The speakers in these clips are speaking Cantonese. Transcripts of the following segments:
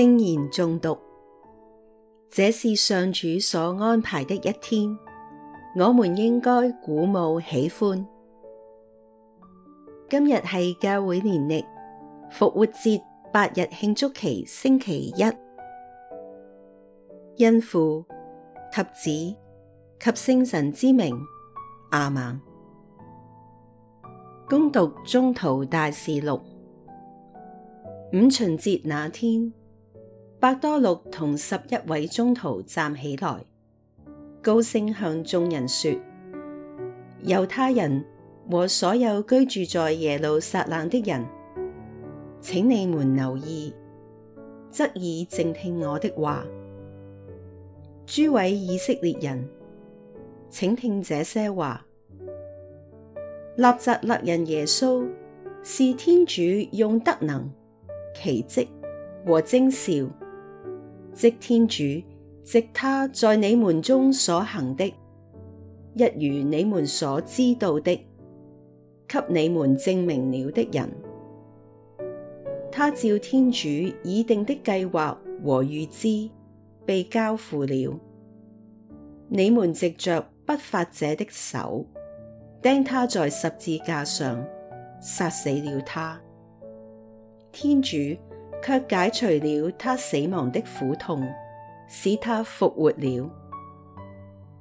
聖言誦讀，這是上主所安排的一天，我們應該鼓舞喜歡。今日係教會年曆復活節八日慶祝期星期一，因父及子及聖神之名阿們。恭讀宗徒大事錄，五旬節那天。百多祿同十一位宗徒站起來，高聲向眾人說：猶太人和所有居住在耶路撒冷的人，請你們留意，側耳靜聽我的話。諸位以色列人，請聽這些話：納匝肋人耶穌是天主用德能、奇迹和徵兆。即天主藉他在你們中所行的，一如你們所知道的，給你們證明了的人，他照天主已定的計劃和預知，被交付了。你們藉着不法者的手，釘他在十字架上，殺死了他。天主。卻解除了他死亡的苦痛，使他復活了，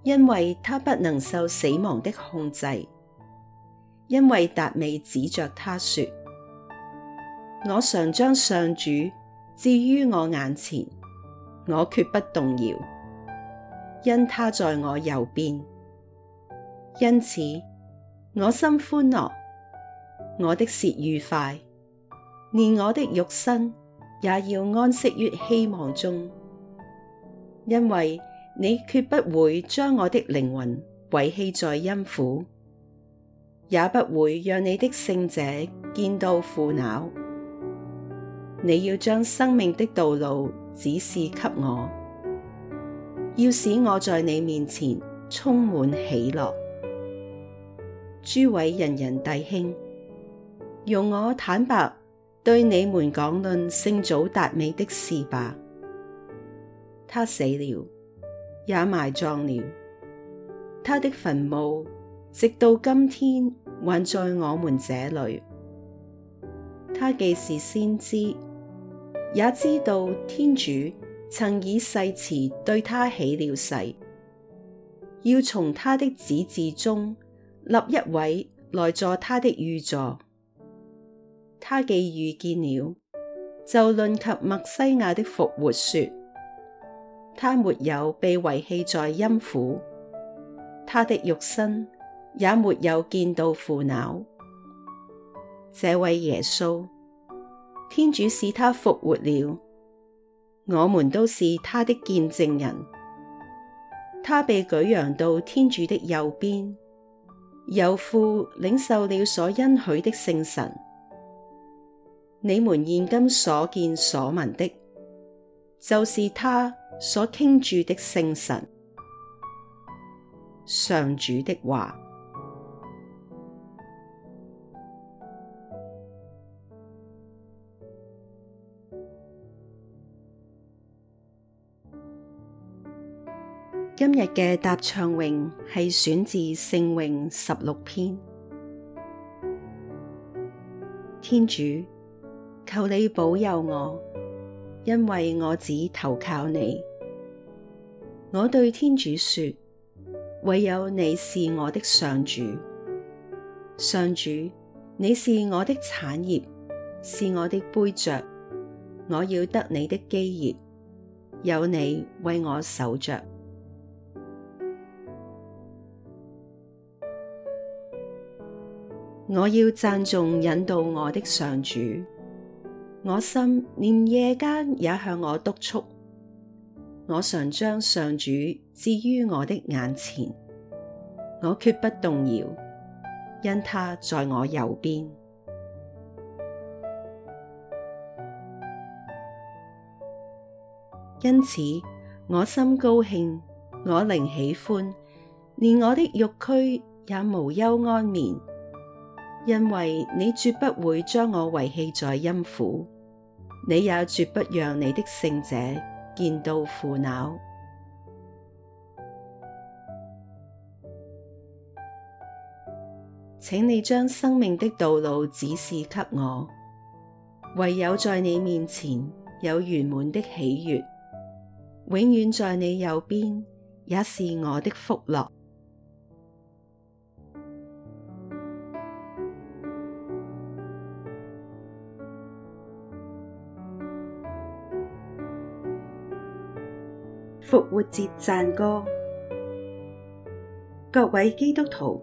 因為他不能受死亡的控制。因為達味指着他說：我常將上主置於我眼前，我決不動搖，因他在我右邊。因此我心歡樂，我的舌愉快，連我的肉身。也要安息於希望中，因為你決不會將我的靈魂遺棄在陰府，也不會讓你的聖者見到腐朽。你要將生命的道路指示給我，要使我在你面前充滿喜樂。諸位仁人弟兄，容我坦白。對你們講論聖祖達味的事吧。他死了，也埋葬了。他的墳墓直到今天還在我們這裏。他既是先知，也知道天主曾以誓詞對他起了誓，要從他的子嗣中立一位來坐他的御座。他既預見了，就論及默西亞的復活說，他沒有被遺棄在陰府，他的肉身也沒有見到腐朽。這位耶穌，天主使他復活了，我們都是他的見證人。他被舉揚到天主的右邊，由父領受了所恩許的聖神。你們現今所見所聞的，就是他所傾注的聖神。上主的話。今日嘅答唱詠係選自聖詠十六篇，天主。求你保佑我，因為我只投靠你。我對天主說：唯有你是我的上主，上主，你是我的產業，是我的杯爵。我要得你的基業，有你為我守着。我要讚頌引導我的上主。我心連夜間也向我督促，我常將上主置於我的眼前，我決不動搖，因他在我右邊。因此，我心高興，我靈喜歡，連我的肉軀也無憂安眠，因為你絕不會將我遺棄在陰府。你也絕不讓你的聖者見到腐朽，請你將生命的道路指示給我，唯有在你面前有圓滿的喜悦，永遠在你右邊也是我的福樂。復活節讚歌，各位基督徒，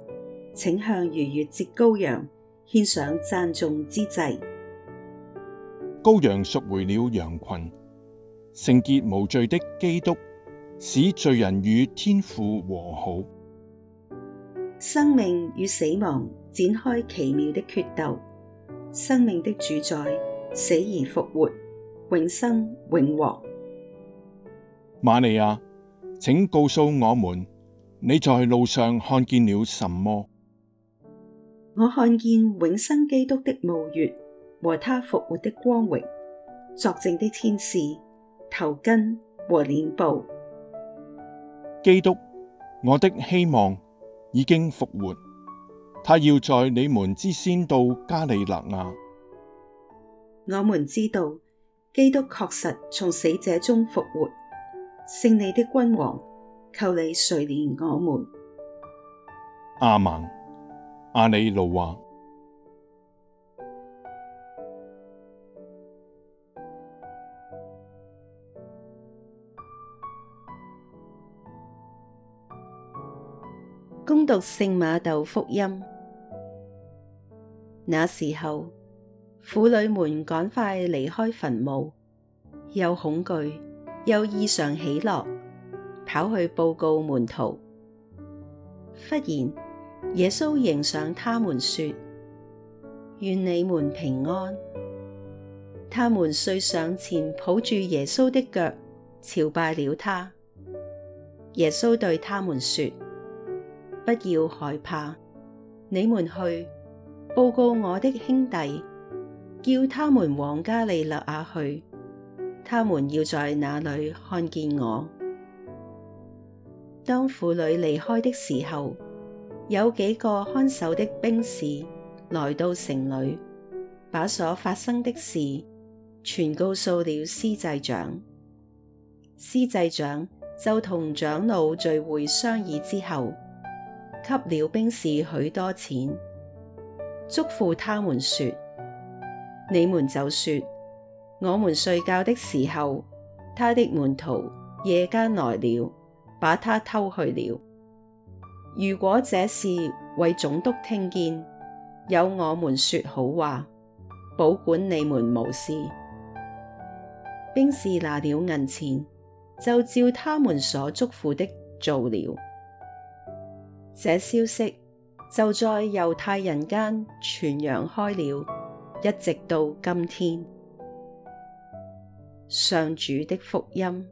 請向逾越節羔羊，獻上讚頌之祭。羔羊贖回了羊群，聖潔無罪的基督使罪人與天父和好。生命與死亡展開奇妙的決鬥，生命的主宰死而復活，永生永王。瑪利亞，請告訴我們，你在路上看見了什麼？我看見永生基督的墓穴和他復活的光榮，作證的天使頭巾和殮布。基督，我的希望已經復活，他要在你們之先到加里肋亞。我們知道基督確實從死者中復活。勝利的君王，求你垂憐我們。亞孟，亞肋路亞。恭讀聖瑪竇福音。那時候，婦女們趕快離開墳墓，又恐懼。又異常喜樂，跑去報告門徒。忽然，耶穌迎上他們說：願你們平安！他們遂上前抱住耶穌的腳，朝拜了他。耶穌對他們說：不要害怕，你們去報告我的兄弟，叫他們往加里肋亞去。他們要在那裏看見我。當婦女離開的時候，有幾個看守的兵士來到城裏，把所發生的事全告訴了司祭長。司祭長就同長老聚會商議之後，給了兵士許多錢，囑咐他們說：你們就說。我們睡覺的時候，他的門徒夜間來了，把他偷去了。如果這事為總督聽見，有我們說好話，保管你們無事。兵士拿了銀錢，就照他們所囑咐的做了。這消息就在猶太人間傳揚開了，一直到今天。上主的福音。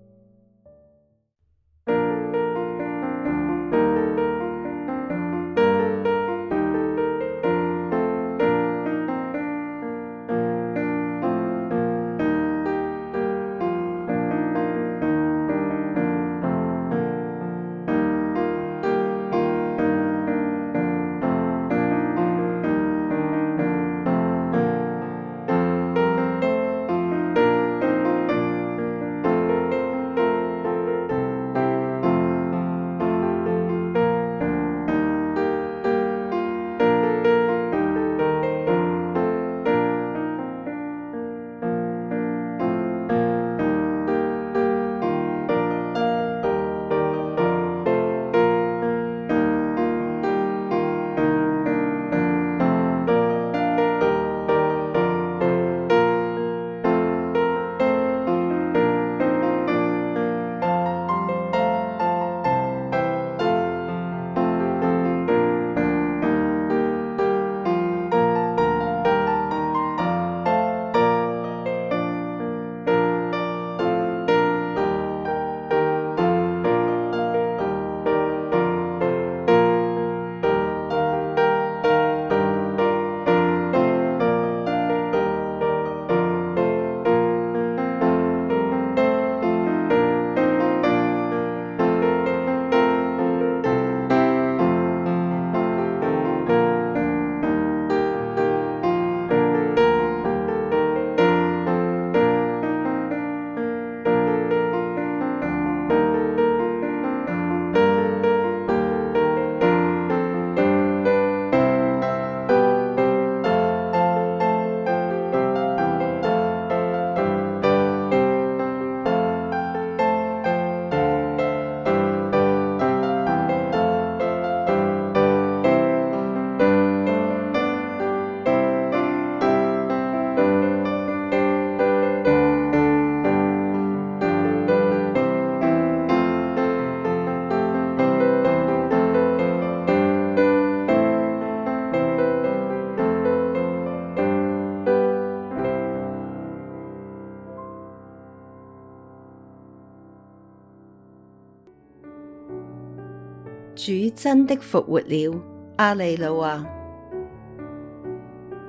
主真的復活了，亞肋路亞！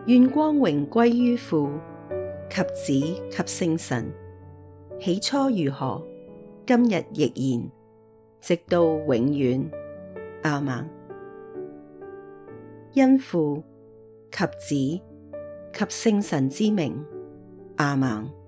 願光榮歸於父及子及聖神。起初如何，今日亦然，直到永遠，亞孟。因父及子及聖神之名，亞孟。